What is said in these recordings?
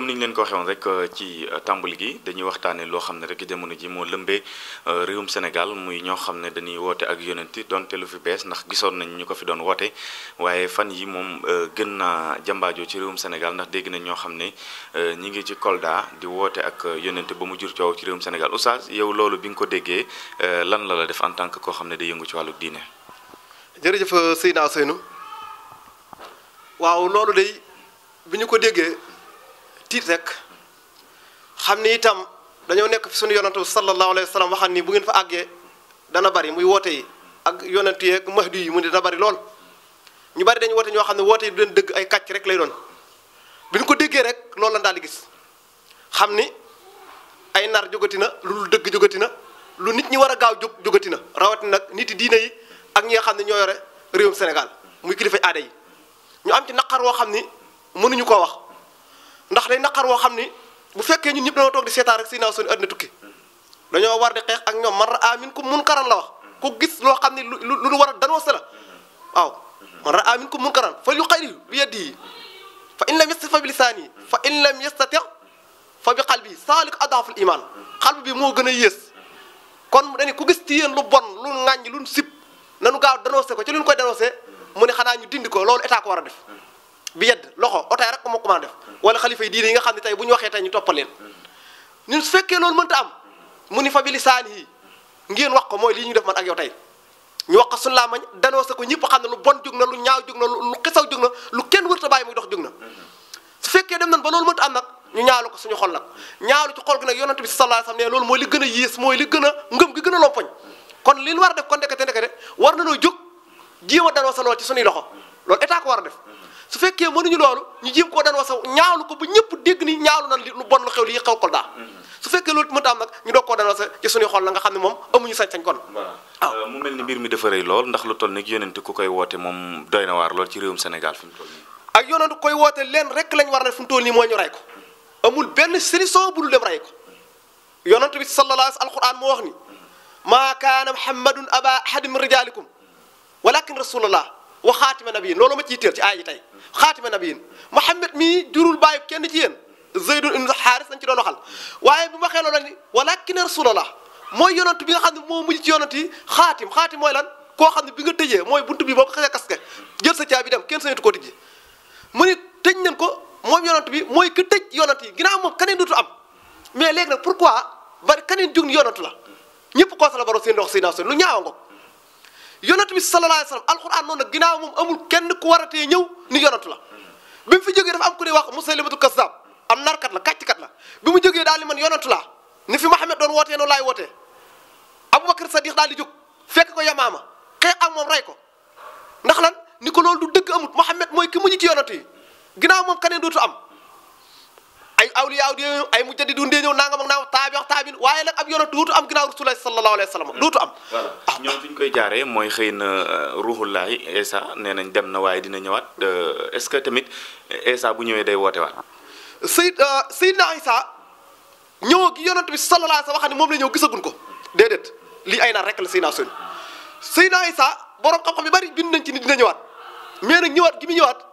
comme ni ñu leen ko waxee rek euh, ci euh, tàmbali gi dañuy waxtaanee loo xam ne rek jamono ji moo lëmbee euh, réewum Sénégal muy ñoo xam ne dañuy woote ak yonent donte lu fi bees ndax gisoon nañ ñu ko fi doon woote waaye fan yi moom gën naa jàmbaajoo ci réewum Sénégal ndax dégg nañ ñoo xam ne ñi ngi ci Kolda di woote ak yonenti ba mu jur coow ci réewum Sénégal oustaz yow loolu bi nga ko déggee lan la la def en tant que koo xam ne day yëngu ci wàllu diine. jërëjëf Seydina Seynou waaw tiit rek xam ni itam dañoo nekk fi suñu yonantu sallallahu alayhi wa sallam waxan ni bu ngeen fa àggee dana bari muy woote yi ak yonantu yeeg mahdi yi mu ne dana bari lool ñu bari dañu woote ñoo xam ne woote yi du leen dëgg ay kàcc rek lay doon bi ñu ko déggee rek loolu la daal di gis xam ni ay nar jógati na lu dëgg jógati na lu nit ñi war a gaaw jóg jógati na rawatina nag nit yi diine yi ak ñi xam ne ñoo yore réewum Sénégal muy kilifa aada yi ñu am ci naqar woo xam ni mënuñu ko wax ndax day naqar woo xam ni bu fekkee ñun ñëpp dañoo toog di seetaan rek Seydina Usmaan àddina tukki dañoo war di xeex ak ñoom man ra'a minkum munkaran la wax ku gis loo xam ni lu lu war a danoo sa la waaw man ra'a minkum munkaran falyughayyirhu biyadihi fa in lam yastati' fa bilisaanihi fa in lam yastati' fa bi qalbihi zaalika ad'aful iimaan bi moo gën a yées kon dañu ku gis ci yéen lu bon lu ŋàññ lu sib nanu gaaw dénoncé ko ci lu koy dénoncé mu ne xanaa ñu dindi ko loolu état ko war a def bi yedd loxo otaay rek ko moo ko mën a def wala xalifa yi diine yi nga xam ne tey bu ñu waxee tey ñu toppal leen ñun su fekkee loolu mënta am mu ni fa bi lisaan yi ngeen wax ko mooy lii ñu def man ak yow tey ñu wax ko suñu laa mañ danoo sa ko ñëpp xam ne lu bon jóg na lu ñaaw jóg na lu xisaw jóg na lu kenn wërta bàyyi muy dox jóg na su fekkee dem nañ ba loolu mënta am nag ñu ñaawlu ko suñu xol nag ñaawlu ci xol gi nag yonent bi sallallahu alayhi wasallam ne loolu mooy li gën a yées mooy li gën a ngëm gi gën a lompoñ kon li ñu war a def kon ndekete ndekete war na noo jóg jéem a danoo sa lool ci suñuy loxo loolu état ko war a def su fekkee mënuñu loolu ñu jéem koo danoo saw ñaawlu ko ba ñëpp dégg ni ñaawlu nan li lu bon lu xew ko xew Kolda mm-hmm. su fekkee loolu mënta am nag ñu doog koo danoo sax ci suñuy xol la nga xam ne moom amuñu sañ-sañ kon waaw euh, mu mel ni mbir mi dafa rëy lool ndax lu toll ni yonente ku koy woote moom doy na waar lool ci réewum Sénégal fi mu toll nii ak yonente leen rek lañ war a def fi mu toll nii mooy ñu rey ko mm-hmm. benn solution bu dul dem rey ko yonente bi sallallahu alayhi alquran moo wax ni maa kaana muhammadun aba ahadin min rijalikum walakin rasulullah wa xaatima nabiyin loolu ma ci yitteel ci aay yi tey xaatima nabiyin Muhammad mii jurul bàyyi kenn ci yéen Zeydul ibn Xaaris lañ ci doon waxal waaye bu ma xee loolu ni walakin rasulallah mooy yonent bi nga xam ne moo mujj ci yonent yi xaatim mooy lan koo xam ne bi nga tëjee mooy buntu bi boo ko xasee kaske jël sa caabi dem kenn sañatu ko tijji mu ni tëj nañ ko moom yonent bi mooy ku tëj yonent yi ginnaaw moom keneen dutu am mais léegi nag pourquoi bari keneen jug ni yonent la ñëpp koo sala baro seen dox seen lu ñaawa ngo yonent bi sallallahu alayhi wa sallam alxuraan noonu nag ginnaaw moom amul kenn ku waratee ñëw ni yonent la bi mu fi jógee dafa am ku ne wax musaylimatul kazzab am narkat la kàcckat la bi mu jógee daal di man yonent laa ni fi Muhammad doon wootee noonu laay wootee Abubakar Sadiq daal di jóg fekk ko yamaama xeex ak moom rey ko ndax lan ni ko loolu du dëgg amut Muhammad mooy ki mujj ci yonent yi ginnaaw moom keneen dootu am awliya yooyu ay mujtahidun dee ñëw nangam ak naaw taabi wax taabin waaye nag ab yonent duutu am ginnaaw rasulullah sallallahu alayhi wa sallam duutu am ah ñoom fi ñu koy jaaree mooy xëy na euh, ruhullahi Isa nee nañ dem na waaye dina ñëwaat euh, est-ce que tamit Isa bu ñëwee day woote waat Seyd euh, Seydina Isa ñëw gi yonent bi sallallahu alayhi wa sallam xam ne moom la ñëw gisagun ko déedéet lii ay na rek la Seydina Sun Seydina Isa borom xam-xam yu bari bind nañ ci ni dina ñëwaat mais nag ñëwaat gi mu ñëwaat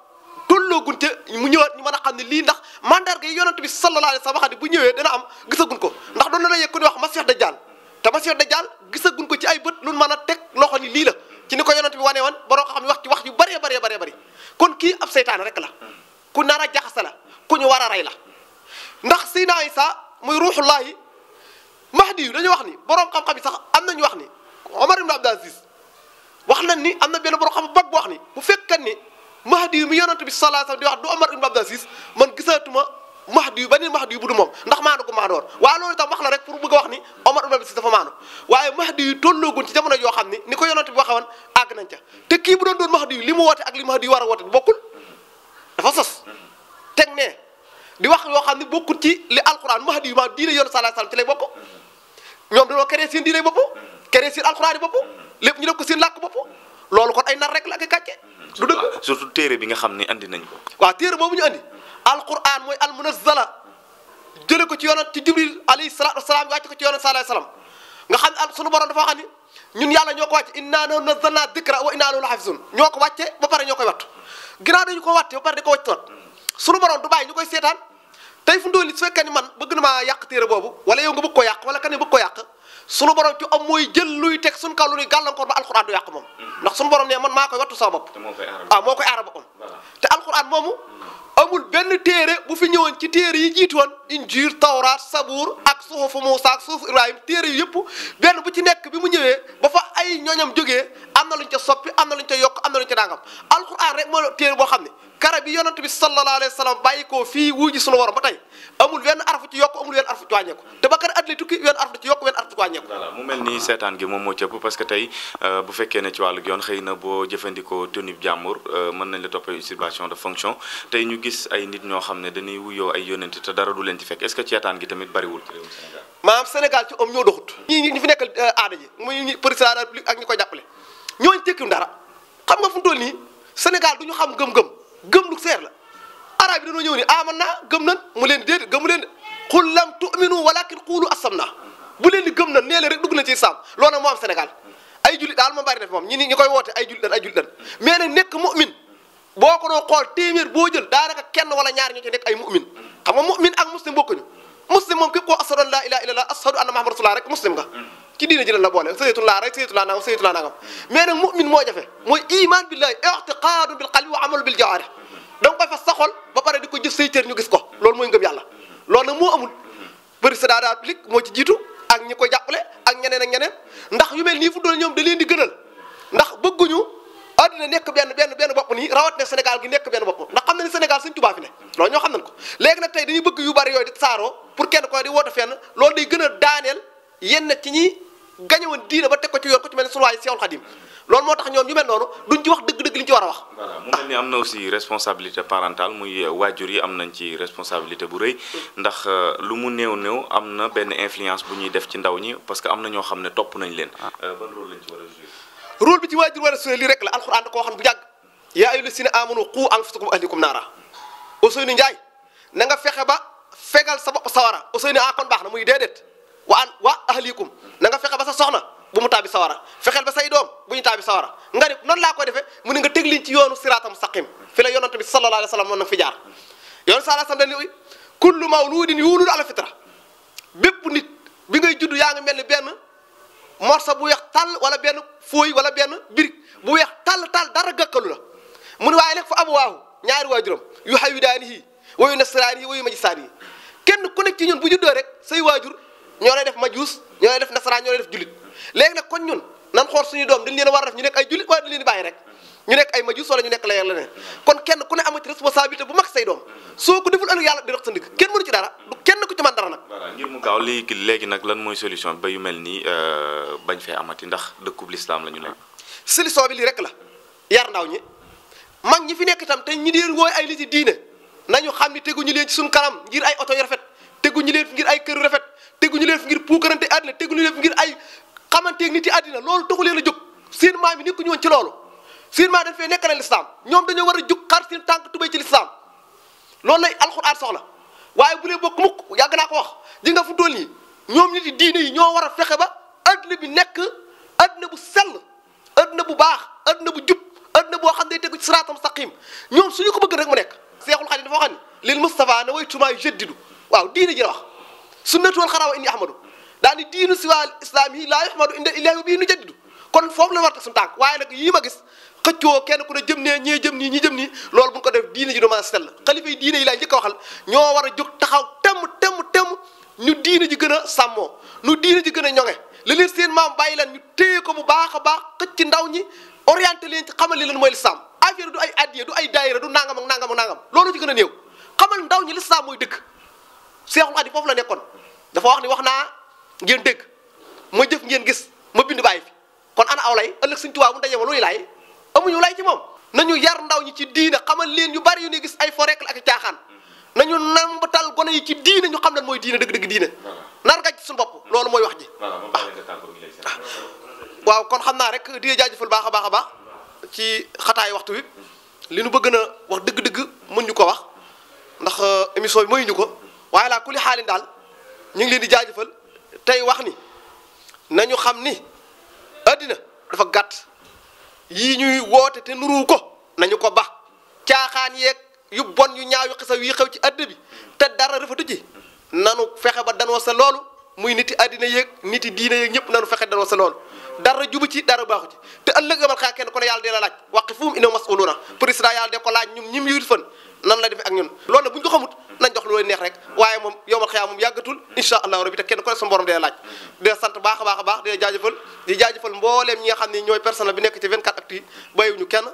tolloogun ca mu ñëwaat ñu mën a xam ne lii ndax mandarga gi yonent bi sallallahu sama wa bu ñëwee dana am gisagun ko ndax doon na la ku nu wax Masiix jàll te Masiix Dajjaal gisagun ko ci ay bët lu mën a teg loxo ni lii la ci ni ko yonent bi wane woon borom xam ne wax ci wax yu bëree bëree bëree bëri kon kii ab seytaane rek la ku nar a jaxase la ku ñu war a rey la ndax Seydina Isa muy ruuxullaahi mahdi yu dañu wax ni borom xam-xam yi sax am nañu wax ni Omar ibn Abdul mahdi yu mi yonent bi sallallahu alayhi wasallam di wax du Omar ibn Abdul Aziz man gisaatuma mahdi yu beneen mahdi yu bu du moom ndax maanu ko maanu woon waaye loolu itam la rek pour bëgg a wax ni Omar ibn Abdul Aziz dafa tolloogun ci jamono yoo xam ni ni ko yonent bi waxe woon àgg nañ ca te kii bu doon doon mahdi yu li woote ak li mahdi woote bokkul dafa sos teg di wax yoo xam ne bokkul ci li alquran mahdi yu ma diine yoonu sallallahu alayhi wasallam ci lay bokk ñoom dañoo créé seen diine bopp créé seen alquran yi bopp lépp ñu def ko seen làkk bopp loolu kon ay du dëgg surtout téere bi nga xam ne andi nañ ko waaw téere boobu ñu andi alquran mooy almunazzala jële ko ci yonent ci jibril alayhi salatu wasalaam wàcce ko ci yonent sallallahu alayhi wasallam nga xam ne sunu borom dafa xam ni ñun yàlla ñoo ko wàcce inna nahnu nazzalna dhikra wa inna lahu lahafizun ñoo ko wàcce ba pare ñoo koy wattu ginnaaw dañu ko wàcce ba pare di ko wàcce wat sunu borom du bàyyi ñu koy seetaan tey fu ndóoli su fekkee ni man bëgg na maa yàq téere boobu wala yow nga yàq wala kan bëgg ko yàq sunu borom ci am mooy jël luy teg sunu kaw lu ñuy gàllankoor ba alxuraan du yàq moom mm. ndax sunu borom ne man maa koy wattu sama bopp ah moo koy aar boppam te alxuraan moomu mm. amul benn téere bu fi ñëwoon ci téere yi jiitu woon injil tawraat sabuur ak suxufu Muusaa ak suxufu Ibrahima téere yëpp benn bu ci nekk bi mu ñëwee ba fa ay ñooñam jógee am na luñ ca soppi am na luñ ca yokk am na luñ ca boo xam ne kara bi yonent bi sallallahu alayhi wa fii wuy ji sunu warom ba tey amul yokk te ba kara at lay tukki wenn arfu ci yokk wenn arfu ci wàññeeku mu mel nii seetaan gi moom moo cëpp parce que tey euh, bu fekkee ne ci wàllu yoon xëy na boo jëfandikoo tenib jàmbur euh, mën nañ la toppee usurpation de fonction tey ñu gis ay nit ñoo xam ne dañuy wuyoo ay yonent te dara du leen leen ci fekk est-ce gi tamit bariwul ci réewum Sénégal. maanaam Sénégal ci om ñoo doxut. ñi fi nekk euh, aada ji muy président de la République ak ko jàppale ñooñu tekkiwul dara xam nga fu mu toll nii Sénégal du ñu xam gëm-gëm gëm lu seer la arab yi dañoo ñëw ni aman ah, naa gëm nan mu leen déedéet gëmu leen xul lam tu'minu walakin xuulu asam naa bu leen di gëm nan nee leen rek dugg na ci islam loolu nag moo am Sénégal ay jullit daal ma bari def moom ñi koy woote ay jullit dan ay jullit dan mais nekk mu'min boo ko doon xool téeméer boo jël daanaka kenn wala ñaar ñoo ci nekk ay mu'min xam nga mu'min ak muslim bokkuñu muslim moom képp koo ashadu an laa ilaaha ashadu anna muhammadan rasulullah rek muslim nga ci diina ji la boole saytulaa rek saytulaa nangam saytulaa nangam mais mu'min moo jafe mooy iman billahi i'tiqaadu bil qalbi wa amalu bil jawaarih da koy fas sa ba pare di ko jëf say cër ñu gis ko loolu mooy ngëm yàlla loolu na moo amul bari de la République moo ci jiitu ak ñi koy jàppale ak ñeneen ak ndax yu mel nii fu doon ñoom da leen di gënal ndax bëgguñu àddina nekk benn benn benn bopp nii rawat ne Sénégal gi nekk benn bopp ndax xam na Sénégal Sëñ Tuubaa fi ne loolu ñoo xam nañ ko léegi nag tey dañuy bëgg yu bari yooyu di saaroo pour kenn koy di woote fenn loolu day gën a daaneel yenn ci ñi gañe woon diine ba teg ko ci yoon ko ci mel ne sunu waay Seexul Xadim loolu moo tax ñoom ñu mel noonu duñ ci wax dëgg-dëgg li ñu a wax. voilà am na aussi responsabilité parentale muy euh, waajur yi am nañ ci responsabilité bu rëy ndax euh, lu mu néew néew am na benn influence bu ñuy def ci ndaw ñi parce que am na ñoo xam ne topp nañ leen. Euh, ban rôle lañ ci war a jouer rôle bi ci waajur war a sune lii rek la alxuraan da koo xam bu yàgg yaa ayyuhal lazina amanu qu anfusakum wa ahlikum naara Ousseynou Ndiaye na nga fexe ba fegal sa bopp sawara Ousseynou a ah, kon baax na muy déedéet wa an wa ahlikum na nga fexe ba sa soxna bu mu taabi sawara fexeel ba say doom bu ñu taabi sawara nga ne nan laa koy defee mu ne nga teg ci yoonu siraatam saqim fi la yonent bi sallallahu alayhi wa sallam noonu fi jaar yoonu sallallahu alayhi wa sallam kullu mawludin yuuladu ala fitra bépp nit bi ngay judd yaa ngi mel benn morsa bu weex tàll wala benn fooy wala benn birig bu weex tàll tal dara gàkkalu la mu ne waaye nag fa ab waaw ñaari waajuram yu xay xawidaanihi wa yu nasraanihi wa yu majisaanihi kenn ku nekk ci ñun bu juddoo rek say waajur ñoo lay def majuus ñoo lay def nasaraan ñoo lay def jullit léegi nag kon ñun nan xool suñu doom dañ leen war a def ñu nekk ay jullit wala dañ leen di bàyyi rek ñu nekk ay majuus wala ñu nekk leneen leneen ku ne amati responsabilité bu mag say doom soo ko deful ëllëg yàlla di dox sa ndigg kenn mënu ci dara voilà ngir mu gaaw léegi léegi nag lan mooy solution ba yu mel nii euh, bañ fee amati ndax dëkkub lislaam la ñu nekk. solution bi lii rek la yar ndaw ñi mag ñi fi nekk itam te ñi dee wooy ay lii yi diine nañu xam ni teguñu leen ci suñ kanam ngir ay oto yu rafet teguñu leen fi ngir ay kër rafet teguñu leen ngir puukarante àddina teguñu leen fi ngir ay xamanteeg nit yi àddina loolu taxu leen a jóg seen maam yi nekkuñu woon ci loolu seen maam dañ fee nekk na lislaam ñoom dañoo war a jóg xar seen tànk ci lislaam loolu lay alxuraan soxla waaye bu dee bokk mukk yàgg naa ko wax di nga yi ñoom ñi diina yi ñoo war a fexe ba adduna bi nekk adduna bu sell adduna bu baax adduna bu jub adduna boo xam ne day tegu ci siraatam mustaqim ñoom suñu ko bëgg rek mu nekk seexul xadim dafa wax ni lil Mustafa na way tumaa jaddidu waaw diine ji la wax sunnatu wal xaraa wa inni ahmadu daa ni diinu siwal islaam yi laa yuhmadu inda ilaahi bii nu jaddidu kon foofu la war a tànk waaye nag yii ma gis xëccoo kenn ku jëm nee ñee jëm nii ñi jëm nii loolu bu ko def diine ji dama sell xalifa yi diine yi laay njëkk a waxal ñoo war a jóg taxaw temm temm temm ñu diine ji gën a sàmmoo ñu diine ji gën a ñoŋe li leen seen maam bàyyi leen ñu téye ko bu baax a baax xëcc ndaw ñi orienté leen ci xamal leen mooy lislaam affaire du ay addiye ay daayira du nangam ak nangam nangam loolu ci gën a néew xamal ndaw ñi lislaam mooy dëkk seexul xadi foofu la nekkoon dafa wax ni wax naa ngeen dégg ma jëf ngeen gis ma bind bàyyi fi aw lay ëllëg suñ tubaab bu ndaje ma luy laay amuñu lay ci moom nañu yar ndaw ñi ci diina xamal leen yu bari yu ne gis ay fo rek la ak caaxaan nañu nambatal gone yi ci diina ñu xam lan mooy diina dëgg-dëgg diina nar gàcc suñu bopp loolu mooy wax ji ah. ah. waaw kon xam naa rek di jaajëfal baax a baax a baax ci xataay waxtu wi li nu bëgg na wax dëgg-dëgg mën ñu ko wax ndax euh, émission bi mayuñu ko waaye laa kuli xaalin daal ñu ngi leen di jaajëfal tey wax ni na ñu xam ni àddina dafa gàtt yii ñuy woote te nuru ko nañu ko ba caaxaan yeeg yu bon yu ñaaw yu xesaw yi xew ci àdd bi te dara rafetu ci nanu fexe ba danoo sa loolu muy niti addina yeeg niti diine yeeg ñëpp nanu fexe danoo sa loolu dara jubu ci dara baaxu ci te ëllëg amal xaa kenn ko ne yàlla de la laaj waqifuhum innahum mas'uluuna président yàlla de ko laaj ñun ñim yu fan nan la defee ak ñun loolu nag bu ñu ko xamut lu neex rek waaye moom yowmal xiyaam moom yàggatul insha allahu rabbi te kenn ku ne sa borom laaj dee sant baax a baax a baax dee jaajëfal di jaajëfal mbooleem ñi nga xam ne ñooy personnel bi nekk ci 24 actu yi bàyyiwuñu kenn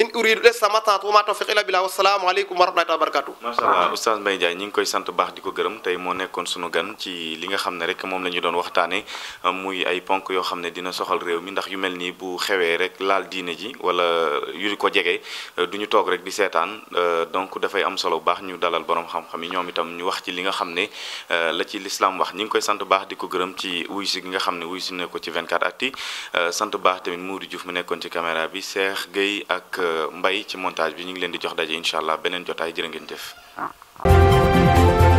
in uridu les sama tent wa ma tawfiq illa billah wasalaamaaleykum wa rahmatullahi ah, ñi ngi koy sant baax di ko gërëm tey moo nekkoon sunu gan ci li nga xam ne rek moom la ñu doon waxtaane muy ay ponk yoo xam ne dina soxal réew mi ndax yu mel nii bu xewee rek laal diine ji wala yu ko jege euh, du ñu toog rek di seetaan euh, donc dafay am solo bu baax ñu dalal borom xam yi ñoom itam ñu wax ci li nga xam ne euh, la ci lislaam wax ñi ngi koy sant baax di ko gërëm ci wuy gi nga xam ne si ne ko ci 24 actu sant baax tamit Mourou Diouf mu nekkoon ci caméra bi Cheikh Gueye ak mbay ci montage bi ñu ngi leen di jox daje incha allah beneen jotaay jërë ngeen jëf. Ah.